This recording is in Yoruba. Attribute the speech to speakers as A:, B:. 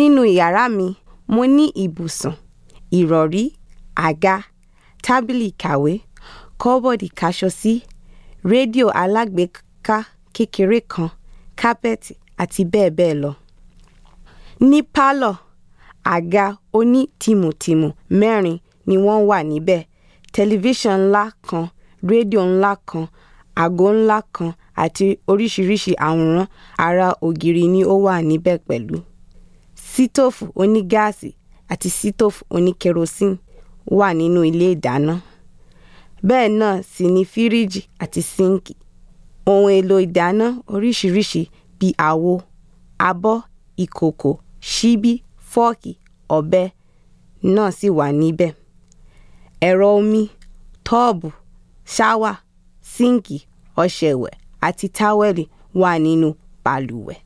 A: nínú yàrá mi mo ní ibùsùn ìrọ̀rí àga tábìlì ìkàwé kọ́bọ̀dì káṣọsí rédíò alágbèéká kékeré kan kápẹ́ẹ̀tì àti bẹ́ẹ̀ bẹ́ẹ̀ lọ. ní pálọ̀ àga oní tìmùtìmù mẹ́rin ni wọ́n wà níbẹ̀ tẹlifíṣàn ńlá kan rédíò ńlá kan àgò ńlá kan àti oríṣiríṣi àwòrán ara ògiri ni ó wà níbẹ̀ pẹ̀lú sítóòfù onígáàsì àti sítóòfù oníkerosíìnì wà nínú ilé ìdáná bẹ́ẹ̀ náà sì ni fíríjì àti síǹkì ohun èlò ìdáná oríṣiríṣi bíi àwo abọ́ ìkòkò ṣíbí fọ́ọ̀kì ọ̀bẹ náà sì wà níbẹ̀ ẹ̀rọ omi tọ́ọ̀bù ṣáwà síǹkì ọṣẹ àti táwẹ̀lì wà nínú balùwẹ̀.